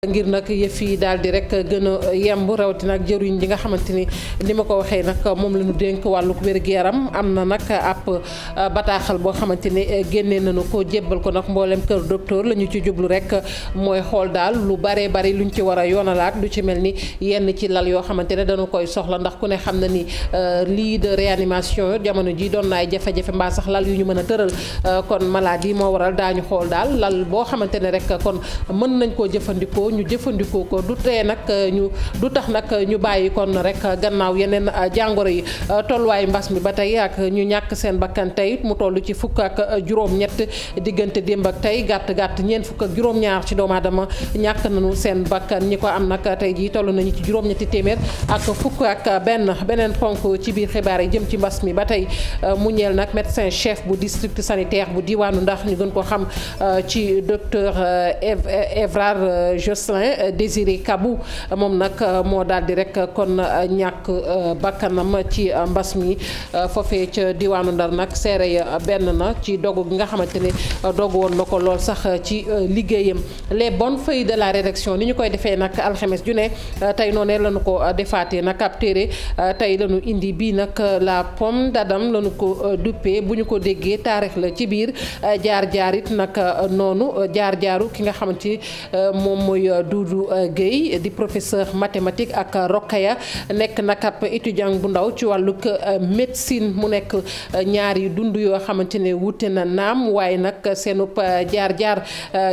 ngir nag yëf yi daal di rek gën a yemb rawatina ak jëriñ li nga xamante ni ni ma ko waxee nag moom la dénk wàllu wér-gu-yaram am na nag ab euh, bataaxal boo xamante ni euh, génnee nañu ko jébbal ko nag mbooleem kër docteur la ñu ci jublu rek mooy xool daal lu bare bari luñ ci war a yoonalaat lu ci mel ni yenn ci lal yoo xamante ne dañu koy soxla ndax ku ne xam na ni euh, lii de réanimation jamono ji doon naay jafe-jafe mbaa sax lal yu ñu mën a tëral kon maladie moo waral daañu xool daal lal boo xamante ne rek kon mën nañ koo jëfandikoo ko ñu jëfandikoo ko du tee nag euh, ñu du tax nag ñu bàyyi kon rek gannaaw yeneen euh, jàngoro yi euh, tolluwaay mbas mi ba tey ak ñu ñàkk seen bakkan tey mu toll ci fukk ak juróom-ñett diggante démb ak tey gàtt gàtt ñeen fukk ak juróom-ñaar ci doomu aadama ñàkk nañu seen bakkan ñi ko am nag tey jii toll nañu ci juróom-ñetti téeméer ak fukk ak benn beneen ponk ci biir xibaar yi jëm ci mbas mi ba tey mu ñeel nag médecin chef bu district sanitaire bu diwaanu ndax ñu gën ko xam ci Jocelyn euh, Désiré Kabou euh, moom nag euh, moo daal di rek kon ñàkk bakkanam ci mbas mi foofee ca diwaanu Ndar nag seere ya benn na ci dogu gi nga xamante ne dogu woon na ko lool sax ci liggéeyam les bonnes feuilles de la rédaction ni ñu koy defee nag alxames ju ne tey noonee lañu ko defaatee nag ab téere tey lañu indi bii nag la pom d'Adam lañu ko duppee bu ñu ko déggee taarix la ci biir jaar jaar it noonu jaar jaaru ki nga xamante moom mooy Doudou euh, Guèye di professeur mathématique ak Rokhaya nekk nag ab étudiant bu ndaw ci wàllug euh, médecine mu nekk euh, ñaari dund yoo xamante ne wute na naam waaye nag seenub jaar-jaar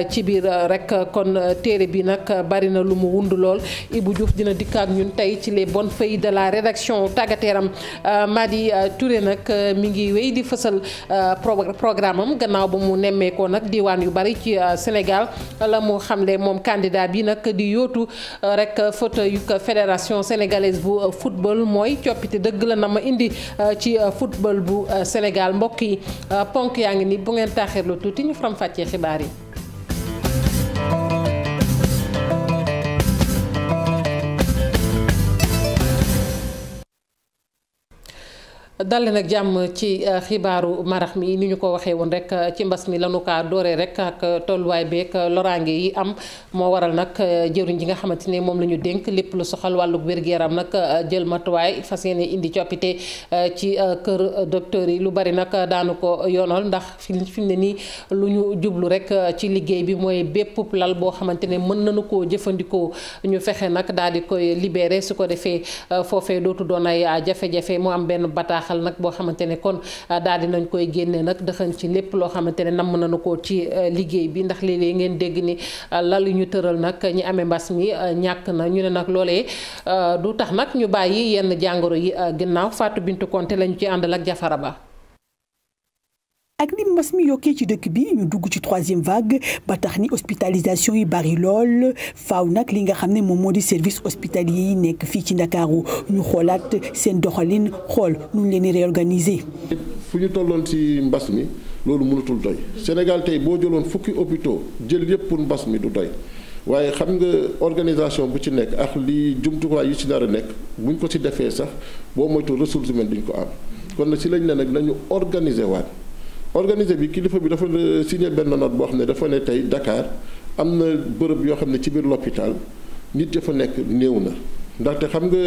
ci biir rek kon téere bi nag bari na lu mu wund lool Ibou Diouf dina dikk ak ñun tey ci les bonnes feuilles de la rédaction tàggateeram Madi ture nag mi ngi wéy di fësal programme am gannaaw ba mu nemmeekoo nag diwaan yu bari ci Sénégal la mu xamle moom candidat syndicat bi nag di yootu euh, rek faute yu fédération sénégalaise bu euh, football mooy coppite dëgg la na ma indi euh, ci football bu Sénégal mbokk yi ponk yaa ngi ni bu ngeen taaxirlu tuuti ñu faram fàccee xibaar yi. dalle nag jàmm ci euh, xibaaru marax mi ni ñu ko waxee woon rek euh, ci mbas mi lanu kaa dooree rek ak euh, tolluwaay beeg loraange yi am moo waral nag jëriñ ji nga xamante ne moom la ñu dénk lépp lu soxal wàllu wér yaram nag jël matuwaay fas yéene indi coppite ci kër docteur yi lu bari nag daanu ko yoonal ndax fi mu ne nii lu ñu jublu rek ci liggéey bi mooy bépp lal boo xamante ne mën nañu koo jëfandikoo ñu fexe nag daal di koy libeere su ko defee foofee dootu doon ay jafe-jafe mu am benn bataax. xal nag boo xamante ne kon ah, daal di nañ koy génne nag dëxan ci lépp loo xamante ne namm nañu ko ci eh, liggéey bi ndax léeg-léeg ngeen dégg ni ah, lalu ñu tëral nag ñi amee mbas mi ah, ñàkk na ñu ne nag loolee du tax nag ñu bàyyi yenn jàngoro yi ginnaaw Fatou Bintou Konté lañu ci àndal ak Jafara Ba ak ni mbas mi yokkee ci dëkk bi ñu dugg ci troisième vague ba tax ni hospitalisation yi bari lool faaw nag li nga xam ne moom moo di service hospitalier yi nekk fii ci ndakaaru ñu xoolaat seen doxalin xool nu ñu leen di fu ñu tolloon ci mbas mi loolu mënatul doy Sénégal tey boo jëloon fukki hôpitaux jël yépp pour mbas mi du doy waaye xam nga organisation bu ci nekk ak li jumtuwaay yu ci nar a nekk bu ñu ko ci defee sax boo moytu ressources humaines duñ ko am kon nag si lañ ne nag nañu organiser waat. organisé bi kilifa bi dafa signé benn note boo xam ne dafa ne tey dakaar am na bërëb yoo xam ne ci biir l'hôpital nit ya fa nekk néew na ndaxte xam nga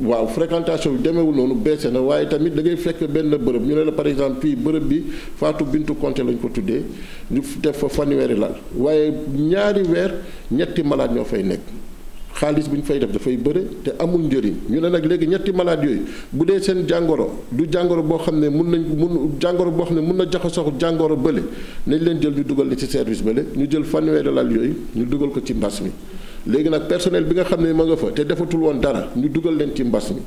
waaw fréquentation bi demeewul noonu baissé na waaye tamit da ngay fekk benn bërëb ñu ne la par exemple fii bërëb bi Fatou Bintou Konté lañ ko tuddee ñu def fa fanweeri lal waaye ñaari weer ñetti malade ñoo fay nekk xaalis bu ñu fay def dafay bëre te amul njëriñ ñu ne nag léegi ñetti malade yooyu bu dee seen jàngoro du jàngoro boo xam ne mun nañ mun jàngoro boo xam ne mun na jaxasoo jàngoro bële nañ leen jël ñu dugal ni ci service bële ñu jël fanweeri lal yooyu ñu dugal ko ci mbas mi léegi nag personnel bi nga xam ne ma nga fa te defatul woon dara ñu dugal leen ci mbas mi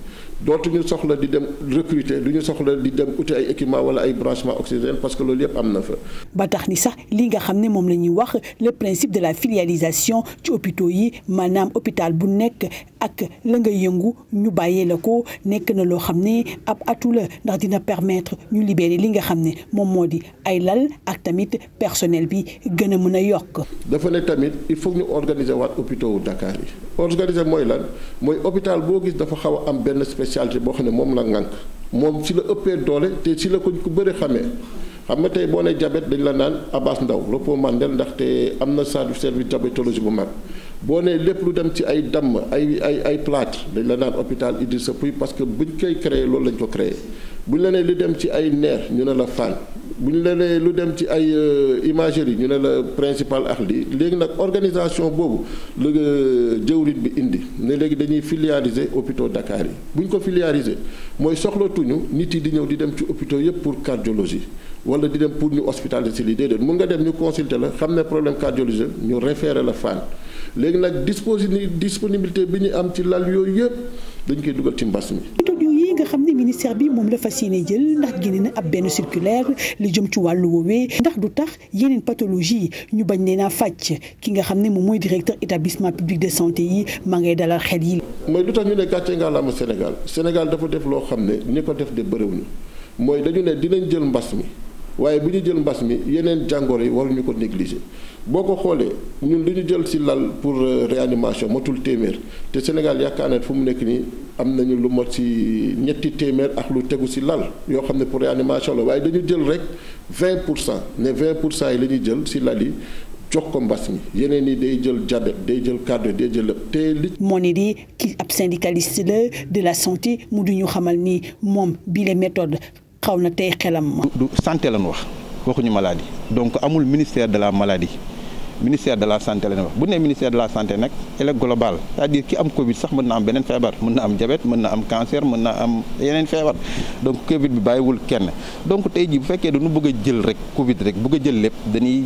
dootuñu soxla di dem recruter du ñu soxla di dem uti ay équipement wala ay branchement oxygène parce que loolu yëpp am na fa. ba tax ni sax li nga xam ne moom la ñuy wax le principe de la filialisation ci hôpitaux yi maanaam hôpital bu nekk ak la nga yëngu ñu bàyyee la ko nekk na loo xam ne ab atu ndax dina permettre ñu libérer li nga xam ne moom moo di ay lal ak tamit personnel bi gën a mën a yokk. dafa ne tamit il foog ñu organiser waat hôpitaux wu Dakar yi mooy lan mooy hôpital boo gis dafa xaw am spécialité boo xam ne moom la ŋànk moom si la ëppee doole te si la ko ko bëri xamee xam nga tey boo ne jabet dañ la naan Abass Ndao repos Mandel ndaxte am na service service diabétologie bu mag boo nee lépp lu dem ci ay damm ay ay ay plâtre dañ la naan hôpital sa Pouye parce que buñ koy créé loolu lañ ko créé buñ la nee li dem ci ay neer ñu ne la Fann bu ñu la nee lu dem ci ay euh, imagerie ñu ne la principal ak lii léegi nag organisation boobu la euh, jëwrit bi indi ne léegi dañuy filialiser hôpitaux Dakar yi bu ñu ko filialiser mooy soxlatuñu nit yi di ñëw di dem ci hôpitaux yëpp pour cardiologie wala di dem pour ñu hospitaliser si lii déedéet mun nga dem ñu consulter la xam ne problème cardiologie ñu référer la Fann léegi nag disposi disponibilité bi ñu am ci lal yooyu yëpp dañ koy dugal ci mbas mi ministère bi moom la fas yéene jël ndax génne na ab benn circulaire li jëm ci wàllu woowee ndax du tax yeneen pathologie yi ñu bañ leen a faj ki nga xam ne moom mooy directeur établissement public de santé yi maa ngay dalal xel yi. mooy lu tax ñu ne gàcce nga la mu Sénégal Sénégal dafa def loo xam ne ni ko def de bëriwuñu mooy dañu ne dinañ jël mbas mi. waaye bu ñu jël mbas mi yeneen jàngoro yi waruñu ko négliger boo ko xoolee ñun lu ñu jël ci lal pour euh, réanimation matul téeméer te Sénégal yaakaar naa fu mu nekk nii am nañu lu mot ci ñetti téeméer ak lu tegu ci lal yoo xam ne pour réanimation la waaye dañu jël rek 20 pour cent ne 20 pour cent yi la ñuy jël ci lal yi. jox ko mbas yeneen yi day jël diabète day jël cardio day jël te li. moo ne di ki ab syndicaliste la la santé mu du ñu xamal ni moom bi les méthodes xaw na tey xelam. du santé lañ wax waxuñu maladie donc amul ministère de la maladie ministère de la santé lañ wax bu ne ministère de la santé nag elle est global cest à ki am Covid sax mën na am beneen feebar mën na am diabète mën na am cancer mën na am yeneen feebar donc Covid bi bàyyiwul kenn donc tey jii bu fekkee dañu bëgg a jël rek Covid rek bëgg a jël lépp dañuy.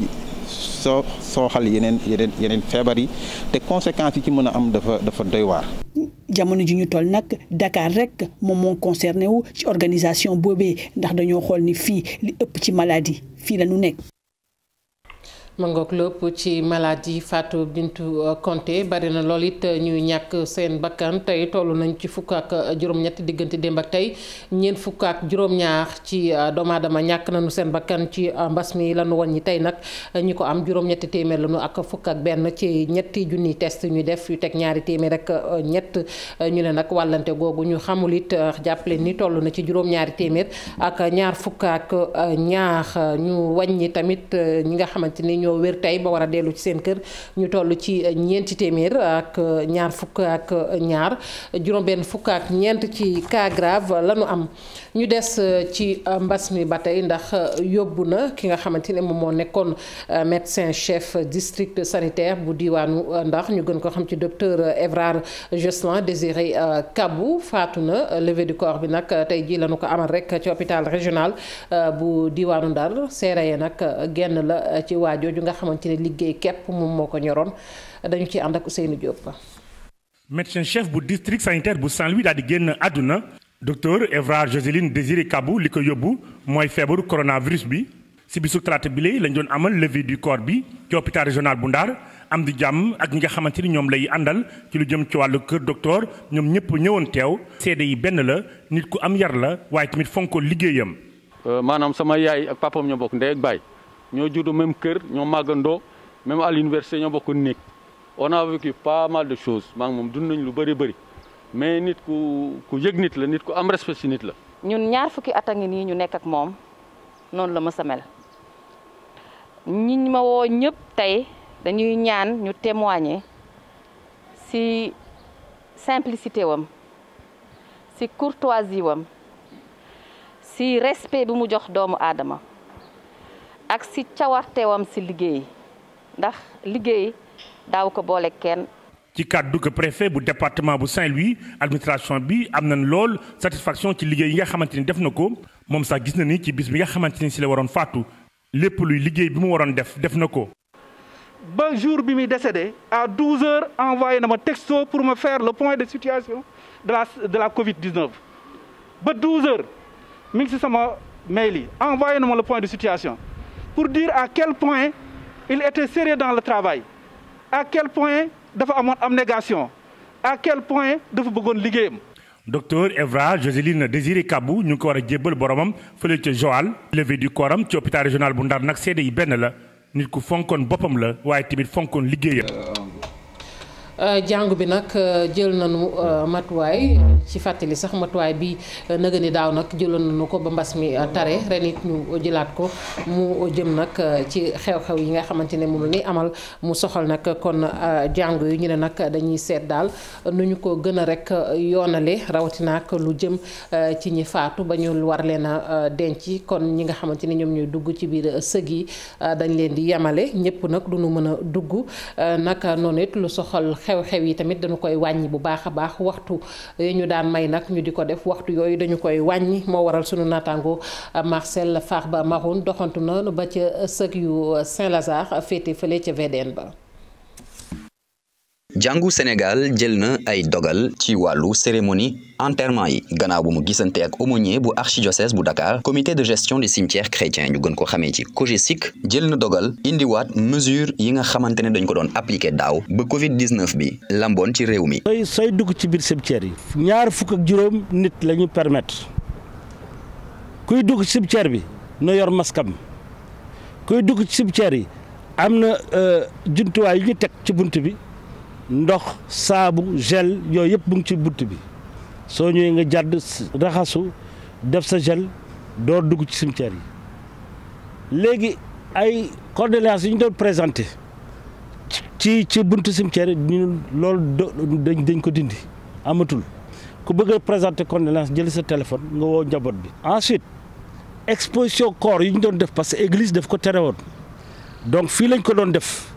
soo sooxal yeneen yeneen yeneen feebar yi te conséquences yi ci mën a am dafa dafa doy waar. jamono ji ñu toll nag Dakar rek moom moo concerné wu ci organisation boobee ndax dañoo xool ni fii li ëpp ci maladie fii la nekk. mangook lépp ci maladie Fatou Bintou Konté bari na lool it ñuy ñàkk seen bakkan tey toll nañ ci fukk ak juróom-ñett diggante démb ak tey ñeent fukk ak juróom-ñaar ci euh, doomu aadama ñàkk nañu seen bakkan ci euh, mbas mi woon ñi tey nag ñi ko am juróom-ñetti téeméer lañu ak fukk ak benn ci ñetti junni test ñu def yu teg ñaari téeméer ak euh, ñett ñu ne nag wàllante googu ñu xamul it jàppale ni toll na ci juróom-ñaari téeméer ak ñaar fukk ak ñu tamit ñi nga xamante ñoo wér tey ba war a dellu ci seen kër ñu toll ci ñeenti téeméer ak ñaar fukk ak ñaar juróom-benn fukk ak ñeent ci cas lañu am ñu des euh, ci euh, mbas mi ba tey ndax euh, yóbbu na ki nga xamante ne moom moo nekkoon médecin chef district sanitaire bu diwaanu ndax ñu gën ko xam ci docteur Evrard Jocelyn Désiré Kabou faatu na levée du corps bi nag tey jii lanu ko amal rek ci hôpital régional bu diwaanu Ndar seereye nag genn la ci waa jooju nga xamante ne liggéey képp moom moo ko ñoroon dañu ci ànd ak Ousseynou Diop. médecin chef bu district sanitaire bu Saint-Louis daal di génn àdduna docteur Evra Joseline Désiré Kabou li ko yóbbu mooy feebaru coronavirus bi si bisu talaata bi lay lañ doon amal levée du corps bi ci hôpital régional bu Ndar am di jàmm ak ñi nga xamante ni ñoom lay àndal ci lu jëm ci wàllu kër docteur ñoom ñëpp ñëwoon teew. seede yi benn la nit ku am yar la waaye tamit fonko liggéeyam. Euh, maanaam sama yaay ak papam ñoo bokk ndey ak baay ñoo juddu même kër ñoo màggandoo même à l'université ñoo bokk néeg on a vécu pas de choses maa moom dund nañ lu bëri bëri. mais nit ku ku yëg nit la nit ku am respect ci nit la. ñun ñaar fukki atangi nii ñu nekk moom noonu la ma sa mel ñi ma woo ñëpp tey dañuy ñaan ñu témoigner si simplicité wam ci courtoisie wam ci respect bu mu jox doomu aadama ak ci cawarteewam si liggéey ndax liggéey daaw ko boole kenn. ci kàddu que préfet bu département bu Saint-Louis administration bi am nañ lool satisfaction ci liggéey yi nga xamante ni def na ko moom sax gis na ni ci bis bi nga xamante ni si la waroon faatu lépp luy liggéey bi mu waroon def def na ko. ba jour bi muy décédé à 12 heures envoyé na ma texto pour ma faire le point de situation de la de la Covid 19 ba 12 heures mi ngi si sama mail yi envoyé na ma le point de situation pour dire à quel point il était sérieux dans le travail à quel dafa amoon abnégation à quel point dafa bëggoon liggéeyam. docteur Evra Joseline Désiré Kabou ñu ngi ko war a jébbal boromam fële ca Joal. levée du koram ci hôpital régional bu Ndar nag seede yi benn la nit ku fonkoon boppam la waaye tamit fonkoon liggéeyam. Euh, jàngu bi nag euh, jël na nañu euh, matuwaay ci fàttali sax matuwaay bi nëga ni daaw nag jëloon nañu ko ba mbas mi tare ren ñu jëlaat ko mu jëm nag ci xew-xew yi nga xamante ne moom ñuy amal mu soxal nag kon jàngu yu ñu ne nag dañuy seet daal nu ñu ko gën a rek yoonale rawatina lu jëm ci ñi faatu ba ñu war leen a denc kon ñi nga xamante ne ñoom ñuy dugg ci biir sëg yi dañ leen di yemale ñëpp nag du ñu mën a dugg nag noonu lu soxal xew-xew yi tamit dañu koy wàññi bu baax a baax waxtu yi ñu daan may nag ñu di ko def waxtu yooyu dañu koy wàññi moo waral sunu naataango Marcel ba Maroun doxantu na ba ca sëg yu Saint-Lazare féete fële ca VDN ba. jàngu Sénégal jël na ay dogal ci wàllu cérémonie enterrement yi gannaaw bu mu gisante ak aumônier bu archidiocèse bu Dakar comité de gestion des cimetières chrétiens ñu gën ko xamee ci COGESIC jël na dogal indiwaat mesure yi nga xamante ne dañ ko doon appliqué daaw ba Covid 19 bi lamboon ci réew mi. sooy dugg ci biir cimetière yi. ñaar fukk ak juróom nit la ñu permettre kuy dugg ci cimetière bi na yor maskam kuy dugg ci cimetière yi am na euh, jumtuwaay yu ñu teg ci bunt bi. ndox saabu gel yooyu yëpp mu ngi ci bunt bi soo ñëwee nga jàdd raxasu def sa gel doo dugg ci cimetière yi léegi ay condoléances yu ñu doon présenté ci ci bunt buntu cimetière yi ñu lool dañ dañ ko dindi amatul ku bëgg a présenté condoléances jël sa téléphone nga woo njaboot bi. ensuite exposition corps yi ñu doon def parce que église def ko tere woon donc fii lañ ko doon def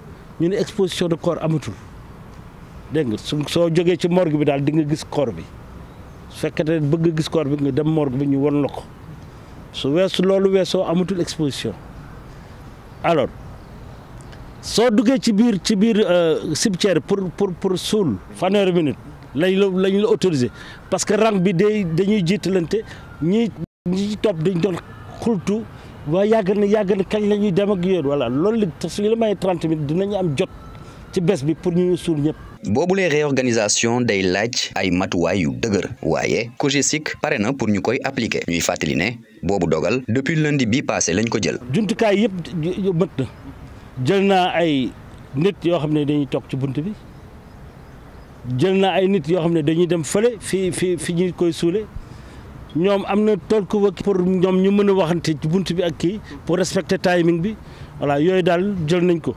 ñu ne exposition de corps amatul. dégg nga su soo jógee ci morgo bi daal di nga gis corps bi su fekkee bëgg gis corps bi nga dem morgue bi ñu won la ko su weesu loolu weesoo amatul exposition alors soo duggee ci biir ci biir euh, cimetière pour pour pour suul fanweeri minute lañ la lañ la autorisé parce que rang bi day dañuy jiitalante ñi ñi topp dañ doon xultu waa yàgg na yàgg na kañ la ñuy dem a yéen voilà loolu li li may 30 minutes dinañu am jot ci bés bi pour ñu suul ñëpp. boobu boobulee organisation day laaj ay matuwaay yu dëgër waaye COGESIC pare na pour ñu koy appliquer ñuy fàttali ne boobu dogal depuis lundi bi passé lañ ko jël. jumtukaay yëpp mët na jël naa ay nit yoo xam ne dañuy toog ci bunt bi jël naa ay nit yoo xam ne dañuy dem fële fi fi fi ñu koy suule ñoom am na tool pour ñoom ñu mën a waxante ci bunt bi ak kii pour respecter timing bi voilà yooyu daal jël nañ ko.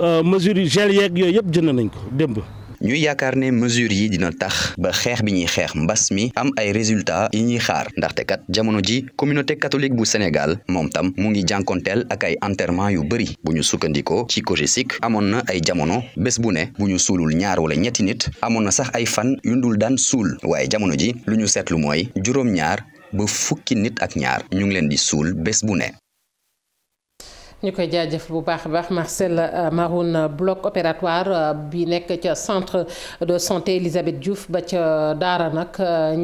Euh, mesures yi gel yeeg yooyu yëpp jënd nañ ko démb. ñuy yaakaar ne mesures yi dina tax ba xeex bi ñuy xeex mbas mi am ay résultats yi ñuy xaar ndaxte kat jamono ji communauté catholique bu Sénégal moom tam mu ngi jànkonteel ak ay enterrement yu bëri bu ñu sukkandikoo ci COGESIC amoon na ay jamono bés bu ne bu ñu suulul ñaar wala ñetti nit amoon na sax ay fan yu yundul daan suul waaye jamono ji lu ñu seetlu mooy juróom-ñaar ba fukki nit ak ñaar ñu ngi leen di suul bés bu ne ñu koy jaajëf bu baax a baax Marcel euh, Maroun bloc opératoire euh, bi nekk ca centre de santé Elisabeth Diouf ba ca euh, Daara nag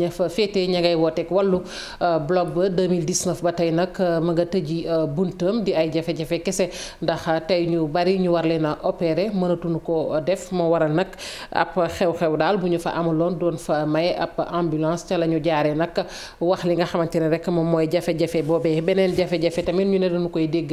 ña fa féete ña ngay wooteeg wàllu bloc ba 2019 ba tey nag ma nga tëji buntam di ay jafe-jafe kese ndax tey ñu bari ñu war leen a opéré mënatuñu ko def moo waral nag ab xew-xew daal bu ñu fa amuloon doon fa may ab ambulance ca la ñu jaaree nag wax li nga xamante ne rek moom mooy jafe-jafe boobee beneen jafe-jafe tamit ñu ne dañu koy dégg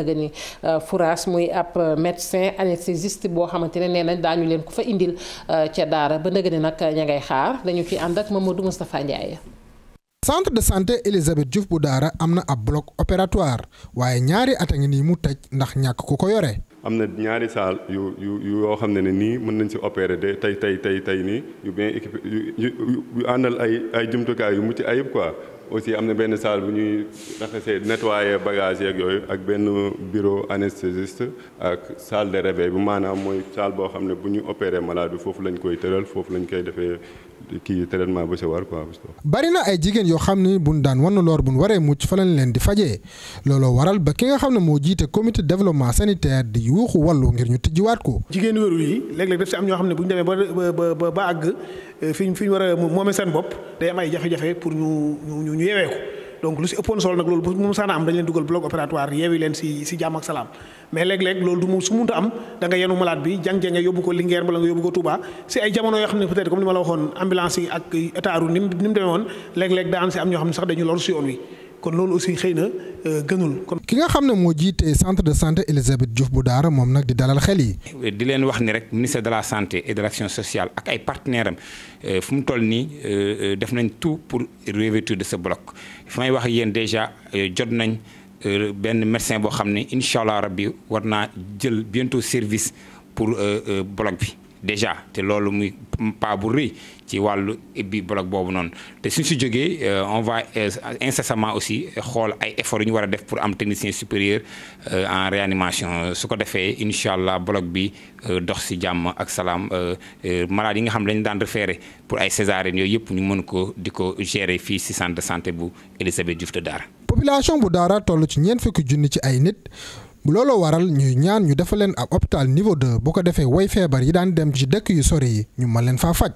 nëgëni euh, Fouras muy ab euh, médecin anesthésiste boo xamante ne nee nañ daañu leen ku fa indil euh, ca daara ba nëgëni nag ña ngay xaar dañu ci ànd ak Mamadou Moustapha Ndiaye. centre de santé Elisabeth Diouf bu daara am na ab bloc opératoire waaye ñaari at nii mu tëj ndax ñàkk ku ko yore. am na ñaari saal yu yu yoo xam ne ne nii mën nañ si opérer de tey tey tey tey nii yu bien équipé yu yu àndal ay jumtukaay yu mucc ayib quoi aussi am na benn salle bu ñuy raxasee nettoyer bagages yeeg yooyu ak benn bureau anesthésiste ak salle de réveil bu maanaam mooy salle boo xam ne bu ñu opéré malade bi foofu lañ koy tëral foofu lañ koy defee kii traitement ba si war quoi. bari na ay jigéen yoo xam ni buñ daan wan loor buñ waree mucc fa lañ leen di fajee looloo waral ba ki nga xam ne moo jiite comité développement sanitaire di yuuxu wàllu ngir ñu tijjiwaat ko. jigéen wéru yi léeg-léeg daf si am ñoo xam ne bu ñu demee ba ba ba àgg euh, fi ñu fi ñu war moom moomee seen bopp day am ay jafe-jafe pour ñu ñu ñu yeewee ko donc lu si ëppoon solo nag loolu bu mu saan am dañ leen dugal bloc opératoire yeewi leen si si jàmm ak mais léeg-léeg loolu du mu su am da nga yenu malade bi jàng-jàng nga yóbbu ko Linguère wala nga yóbbu ko Touba si ay jamono yoo xam ne peut-être comme ni ma la waxoon ambulance yi ak am ñoo xam ne sax dañu lor si yoon wi na euh, gënul kon. ki nga xam ne moo jiite centre de santé Elisabeth Diouf bu Daara moom nag di dalal xel yi. di leen wax ni rek ministère de la santé et de l'action ak ay partenaires am euh, fu mu toll nii euh, def nañ tout pour revêtir de ce bloc fi may wax yéen déjà jot nañ. Euh, benn médecin boo xam ne incha allah rabbi war naa jël bientôt service pour euh, euh, bloc bi déjà te loolu muy pas bu rëy ci wàllu ubbi bloc boobu noonu te suñ su jógee on va incessamment aussi xool ay efforts yu ñu war a def pour am technicien supérieur en réanimation su ko defee incha allah bloc bi dox si jàmm ak salaam malade yi nga xam ne dañu daan référé pour ay césarienne yooyu yëpp ñu mën ko di ko gérer fii si centre de santé bu Elisabeth Diouf de Dara population bu daara toll ci ñeent fukki junni ci ay nit looloo waral ñuy ñaan ñu defal leen ab hôpital niveau de bu ko defee woy feebar yi daan dem ci dëkk yu sore yi ñu mën leen faa faj.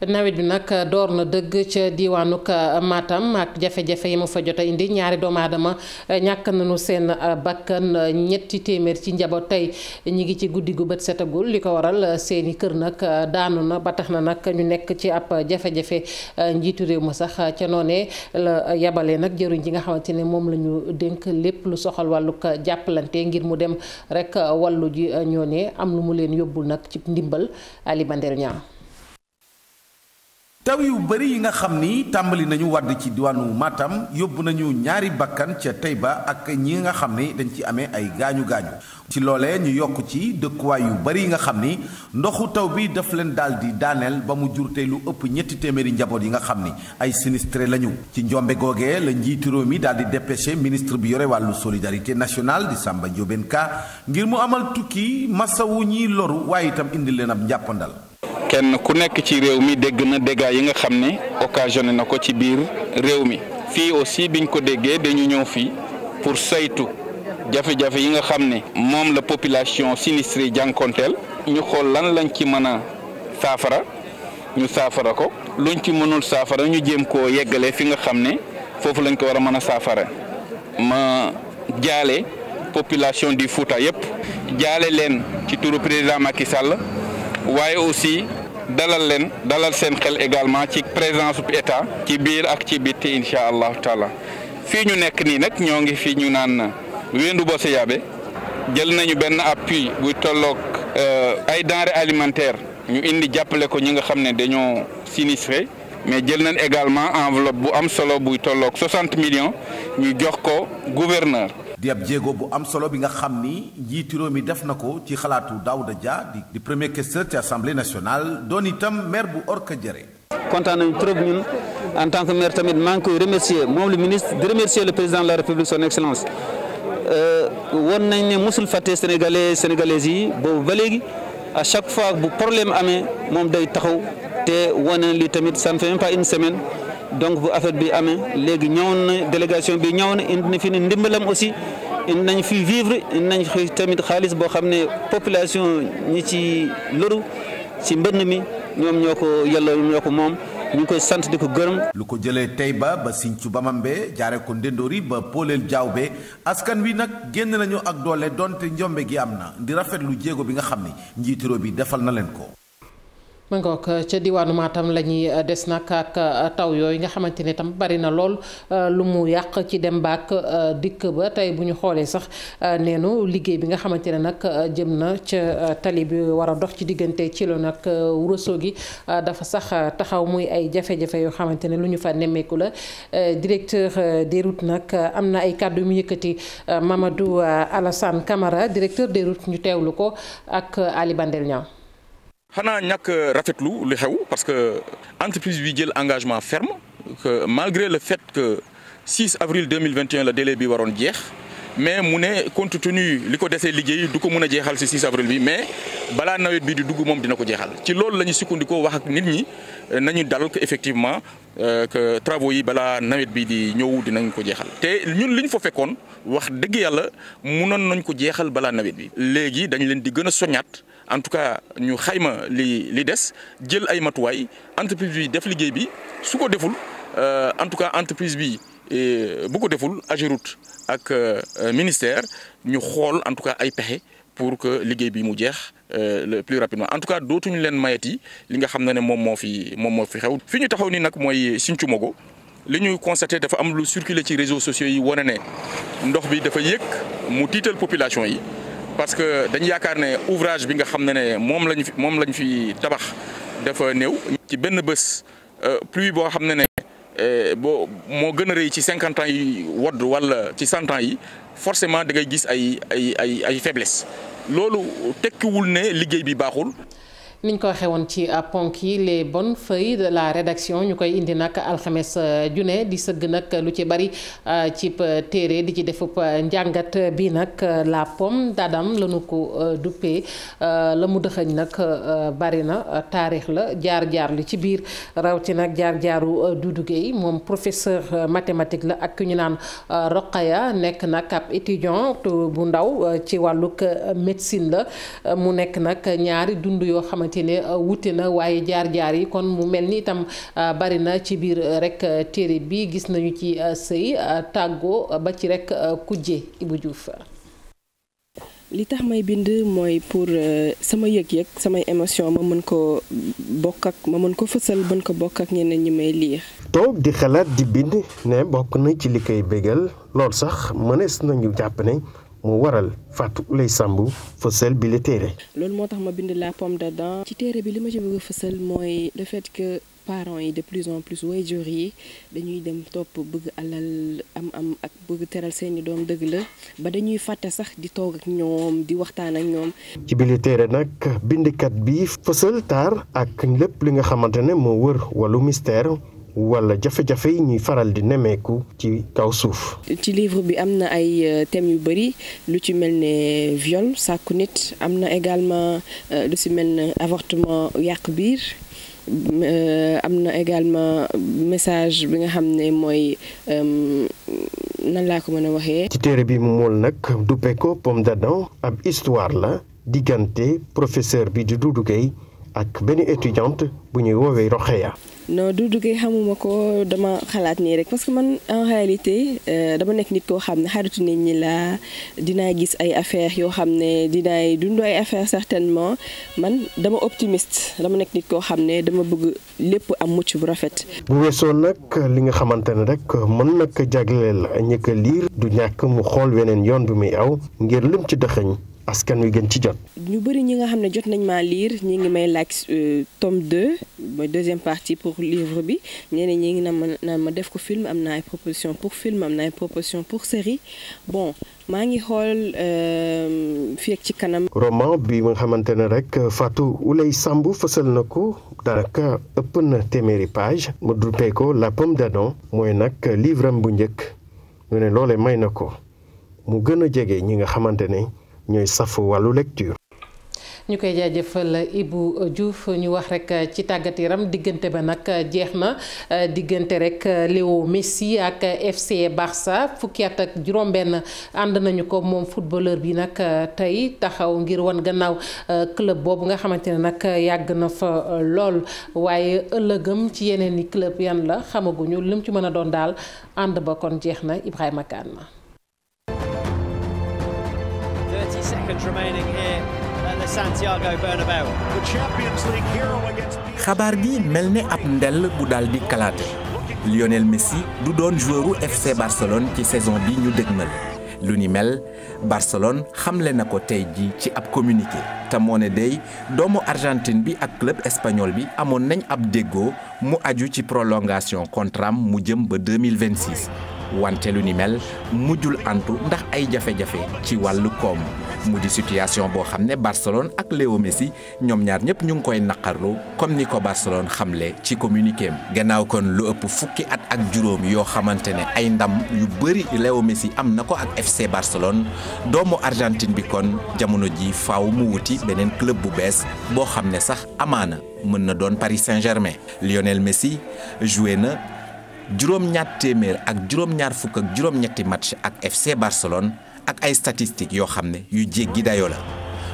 te nawet bi nag door na dëgg ca diwaanuk uh, maatam ak jafe-jafe yi ma fa jot a indi ñaari doomu aadama uh, ñàkk nañu seen uh, bakkan ñetti téeméer ci njaboot tey ñi ngi ci guddi gu bët setagul li ko waral seeni kër nag daanu na ba tax na nag ñu nekk ci ab jafe-jafe njiitu réew ma sax ca noone la yabalee nag jëruñ ji nga xamante ne moom la ñu dénk lépp lu soxal wàlluk jàppalante ngir mu dem rek wallu ji ñoo ne am lu mu leen yóbbul nag ci ndimbal Ali Bandel taw yu bëri yi nga xam ni tàmbali nañu wàdd ci diwaan wu Matam yóbbu nañu ñaari bakkan ca ba ak ñi nga xam ni dañ ci amee ay gaañu gaañu ci loole ñu yokk ci dëkkuwaay yu bëri yi nga xam ni ndoxu taw bi daf leen daal di daaneel ba mu jurte lu ëpp ñetti téeméeri njaboot yi nga xam ni ay sinistré lañu ci njombe googee la njiitu réew mi daal di dépêché ministre bi yore wàllu solidarité nationale di Samba Ndiobène Ka ngir mu amal tukki masawu ñiy loru waaye itam indi leen ab njàppandal kenn ku nekk ci réew mi dégg na dégâts yi nga xam ne occasionné na ko ci biir réew mi fii aussi biñ ko déggee dañu ñëw fii pour saytu jafe-jafe yi nga xam ne moom la population sinistrée jànkonteel ñu xool lan lañ ci mën a saafara ñu saafara ko luñ ci mënul saafara ñu jéem koo yeggalee fi nga xam ne foofu lañ ko war a mën a saafara ma jaale population du Fouta yépp jaale leen ci turu président Macky Sall waaye aussi dalal leen dalal seen xel également ci présence bu état ci biir ak ci bitti incha allahu taala fii ñu nekk nii nag ñoo ngi fi ñu naan Wéndu Boseyaabe jël nañu benn appui bu tolloog euh, ay denrées alimentaire ñu indi jàppale ko ñi nga xam ne dañoo sinistré mais jël nañ également enveloppe bu am solo buy tolloog 60 million ñu jox ko gouverneur. di ab jéego bu am solo bi nga xam ni njiitu mi def na ko ci xalaatu Daouda da di di premier questeur ci assemblée nationale doon itam maire bu Orka Diéré. kontaan nañu trop ñun en tant que maire tamit maa ngi koy remercier moom le ministre di remercier le président de la république son excellence. Euh, woon nañ ne mosul fàtte sénégalais sénégalaises yi boobu ba léegi à chaque fois bu problème amee moom day taxaw te wane li tamit san ne fait même pas une donc bu affaire bii amee léegi ñëw na délégation bi ñëw na indi na fi ne ndimbalam aussi indi nañ fi vivre indi nañ fi tamit xaalis boo xam ne population ñi ci loru ci mbënn mi ñoom ñoo ko yelloo ñoo ko moom ñu koy sant di ko gërëm. lu ko jëlee tey ba ba ba Sinthiou Bamambé jaare ko Ndendori ba Polel be askan wi nag génn nañu ak doole donte njombe gi am na di rafetlu jéego bi nga xam ni njiitiro bi defal na leen ko. ma eh, ca diwaanu Matam la ñuy eh, des nag ak eh, taw yooyu nga xamante ne tam bari na lool lu mu yàq ci dem baak dikk ba tey bu ñu xoolee sax neenu liggéey bi nga xamante ne nag jëm na ca tali bi war a dox ci diggante ci loolu nag gi dafa sax taxaw muy ay jafe-jafe yoo xamante ne lu ñu fa nemmeeku la directeur des routes nag am na ay kàddu yu mu yëkkati Mamadou alasan Camara directeur de routes ñu teewlu ko ak Ali Bandel xanaa ñàkk rafetlu lu xew parce que entreprise bi jël engagement ferme que malgré le fait que 6 avril 2021 la délé bi waroon jeex mais mu ne compte tenu li ko desee liggéey du ko mun a jeexal si 6 avril bi mais balaa nawet bi di dugg moom dina ko jeexal ci loolu la ñu sukkandikoo wax ak nit ñi nañu dal que effectivement euh, que travaux yi balaa nawet bi di ñëw dinañ ko jeexal te ñun li ñu fa fekkoon wax dëgg yàlla munoon nañ ko jeexal balaa nawet bi. léegi dañu leen di gën a soñaat en tout cas ñu xayma li li des jël ay matuwaay entreprise bi def liggéey bi su ko deful euh, en tout cas entreprise bi euh, bu ko deful Ageroute ak euh, ministère ñu xool en tout cas ay pexe pour que liggéey bi mu jeex le plus rapidement en tout cas dootuñu leen mayati li nga xam ne ne moom moo fi moom moo fi xew. fi ñu taxaw ni nag mooy Sinthiou Mogo li ñuy constaté dafa am lu circuler ci réseaux sociaux yi wane ne ndox bi dafa yëg mu tiital population yi. parce que dañ yaakaar ne ouvrage bi nga xam ne ne moom lañ fi moom lañ fi tabax dafa néew. ci benn bés euh, pluie boo xam ne ne euh, boo moo gën a rëy ci cinquante ans yi wodd walla ci cent ans yi forcément da ngay gis ay ay ay ay faiblesse loolu tekkiwul ne liggéey bi baaxul. niñ ko waxee woon ci euh, ponk yi les bonnes feuilles de la rédaction ñu koy indi nag alxames euh, june di sëgg nag lu ci bari euh, cib téere di ci defub njàngat bii nag la pomme d'Adam lanu ko duppee la mu dëxëñ nag bari na taarix la jaar-jaar lu ci biir rawti nag jaar-jaaru Doudou Gueye moom professeur mathématique la ak ñu naan Roqaya nekk nag ab étudiant bu ndaw ci wàllug médecine la mu nekk nag ñaari dund yoo xamante xamante ne euh, wuute na waaye jaar-jaar yi kon mu mel ni itam euh, bari na ci biir euh, rek téere bi gis nañu ci sëy tàggoo ba ci rek kujje Ibou Diouf li tax may bind mooy pour sama yëg-yëg samay émotion ma mën ko bokk ak ma mën ko fësal mën ko bokk ak ñeneen ñi may liir. toog di xalaat di bind ne bokk na ci li koy bégal loolu sax mënees nañu jàpp ne moo waral Fatou Ouleye Samb fësal bi la téere loolu moo tax ma bind la pomme dedans ci téere bi li ma ci bëgg a fësal mooy le fait que parents yi de plus en plus waajur yi dañuy dem topp bëgg alal am am ak bëgg teral seeni doom dëgg la ba dañuy fàtte sax di toog ak ñoom di waxtaan ak ñoom ci bi la téere nag bindkat bi fësal taar ak lépp li nga xamante ne moo wër wallu mystère wala jafe-jafe yi ñuy faral di nemmeeku ci kaw suuf. ci livre bi am na ay euh, thèmes yu bëri lu ci mel ne viol sàkku nit am na également euh, lu ci mel ne avortement yàq biir. Euh, am na également message bi nga xam ne mooy nan laa ko mën a waxee. ci téere bi mu mool nag duppe ko Pomme d'Adam ab histoire la diggante professeur bi di Doudou ak benn étudiante bu ñuy woowee Roxeya non du Gueye xamuma ko dama xalaat nii rek parce que man en réalité euh, dama nekk nit koo xam ne xaritu nit ñi laa dinaa gis ay affaires yoo xam ne dinaay dund ay affaires certainement man dama optimiste dama nekk nit koo xam ne dama bëgg lépp am mucc bu rafet. bu weesoo nag li nga xamante ne rek mën nag jagleel ñëkk a liir du ñàkk mu xool weneen yoon bi muy aw ngir lim ci dëxëñ askan wi gën ci jot. ñu bëri ñi nga xam ne jot nañ maa liir ñi ngi may laaj euh, tome 2 mooy deuxième partie pour livre bi ñeneen ñi ngi naan ma naan ma def ko film am na ay proposition pour film am na ay proposition pour série bon maa ngi xool euh, fii ak ci kanam. roman bi nga xamante ne rek Fatou Ouleye Samb fësal na ko daanaka ëpp na téeméeri page mu duppee ko La Pomme d'Adam mooy nag livre bu njëkk ñu ne loolee may na ko mu gën a jege ñi nga xamante ne. ñooy safu ñu koy jaajëfal Ibou Diouf ñu wax rek ci tàggat yaram diggante ba nag jeex na diggante rek Léo Messi ak FC Barça fukki at ak juróom-benn ànd nañu ko moom footballeur bi nag tey taxaw ngir wan gannaaw club boobu nga xamante ne nag yàgg na fa lool waaye ëllëgëm ci yeneen i club yan la xamaguñu lim ci mën a doon daal ànd ba kon jeex na Ibrahima Kane. xabaar gi mel ni ab ndell bu daal kalaate Lionel Messi du doon joueuru FC Barcelone ci saison bi ñu dëgmal lu ni mel Barcelone xamle na ko tey ji ci ab communiqué te moo ne day doomu Argentine bi ak club espagnol bi amoon nañ ab déggoo mu aju ci prolongation contrat mu jëm ba 2026 wante lu ni mel mujjul antu ndax ay jafe-jafe ci wàllu koom mu di situation boo xam ne Barcelone ak Léo Messi ñoom ñaar ñëpp ñu ngi koy naqarlu comme ni ko Barcelone xamle ci communiqué gannaaw kon lu ëpp fukki at ak juróom yoo xamante ne ay ndam yu bëri Léo Messi am na ko ak FC Barcelone doomu Argentine bi kon jamono ji faw mu wuti beneen club bu bees boo xam ne sax amaana mën na doon Paris Saint-Germain Lionel Messi joué na. juróom-ñaar téeméer ak juróom fukk ak juróom-ñetti match ak FC Barcelone ak ay statistiques yoo xam ne yu jéggi dayoo la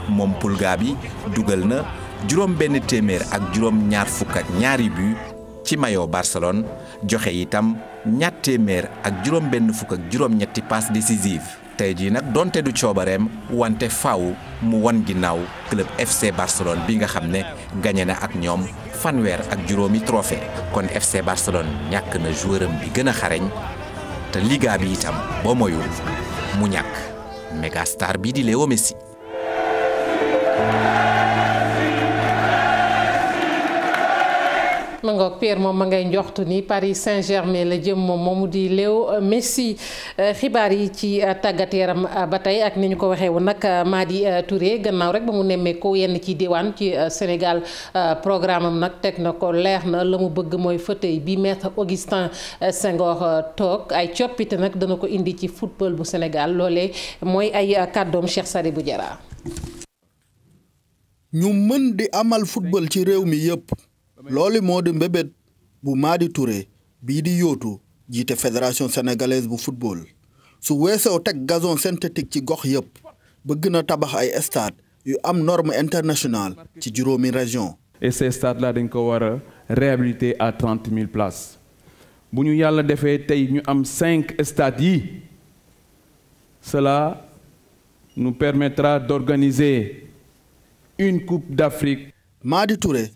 moom Pulga bi dugal na juróom benn téeméer ak juróom-ñaar fukk ak ñaari but ci maillot Barcelone joxe itam ñaat téeméer ak juróom benn fukk ak juróom-ñetti passe tey jii nag donte du coobareem wante faw mu wan ginnaaw club FC Barcelone bi nga xam ne gagné na ak ñoom fanweer ak juróomi trophée kon FC Barcelone ñàkk na joueuram bi gën a xareñ te Liga bi itam boo moyul mu ñàkk mégastar bi di Léo Messi. ma ngoog Pierre moom ma ngay njoxtu ni Paris Saint-Germain la jëm moom moomu di Léo Messi euh, xibaar yi ci euh, tàggat yaram euh, ba tey ak ni ñu ko waxee woon nag Madi Touré gannaaw rekk ba mu nemmee ko yenn ci diwaan ci senegal programme nag teg na ko leex na la mu bëgg mooy fauteuil bi maître Augustin Senghor toog ay coppite nag dana ko indi ci football bu Sénégal loolee mooy ay kàddoom Cheikh bu Diarra ñu mën di amal football ci réew mi yëpp loolu moo di mbébét bu Madi Touré bii di yootu jiite fédération sénégalaise bu football su weesoo teg gazon synthétique ci gox yëpp bëgg na tabax ay stade yu am norme internationale ci juróomi région et ces stades là dañ ko war a réhabiliter à trente mille places bu ñu yàlla defee tey ñu am cinq stades yi cela nu permettra d'organiser une coupe d'Afrique Madi Touré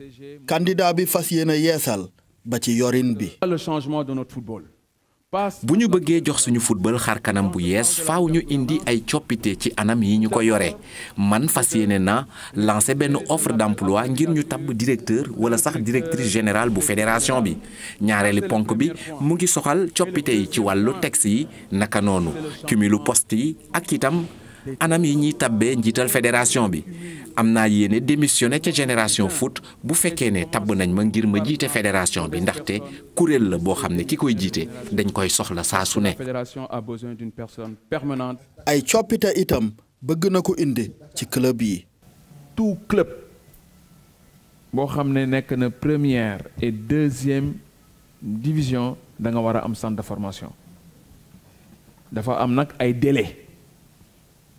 candidat bi fas yéene yeesal ba ci yorin bi. le changement de notre bu ñu bëggee jox suñu football xar kanam bu yees faaw ñu indi ay coppite ci anam yi ñu ko yore man fas yéene na lancer benn offre d'emploi ngir ñu tabb directeur wala sax directrice général bu fédération bi ñaareeli ponk bi mu ngi soxal coppite yi ci wàllu tex yi naka noonu cumulu poste yi ak itam anam yi ñuy tabbee njiital fédération bi am naa yéene démissionné ca génération foot bu fekkee ne tabb nañ ma ngir ma jiite fédération bi ndaxte kuréel la boo xam ne ki koy jiite dañ koy soxla saa su ne. ay coppite itam bëgg na ko indi ci club yi. tout club boo xam ne nekk na première et deuxième division da nga war a am centre de formation dafa am nag ay délai.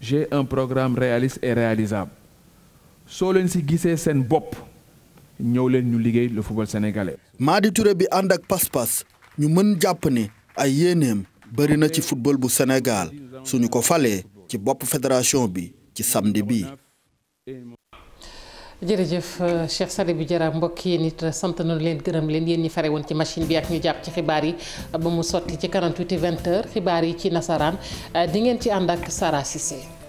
j'ai un programme réaliste et soo leen si gisee seen bopp ñëw leen ñu liggéey le football sénégalais. Madi Touré bi ànd ak pas-pas ñu mën jàpp ni ay yéeneem bëri na ci football bu Sénégal suñu ko falee ci bopp fédération bi ci samdi bi jërëjëf euh, Cheikh Sadibou Diarra mbokk yi nit sant nañu leen gërëm leen yéen ñi fare woon ci machine bi ak ñu jàpp ci xibaar yi ba mu sotti ci 48 20 heures xibaar yi ci nasaraan euh, di ngeen ci ànd ak Sara Cissé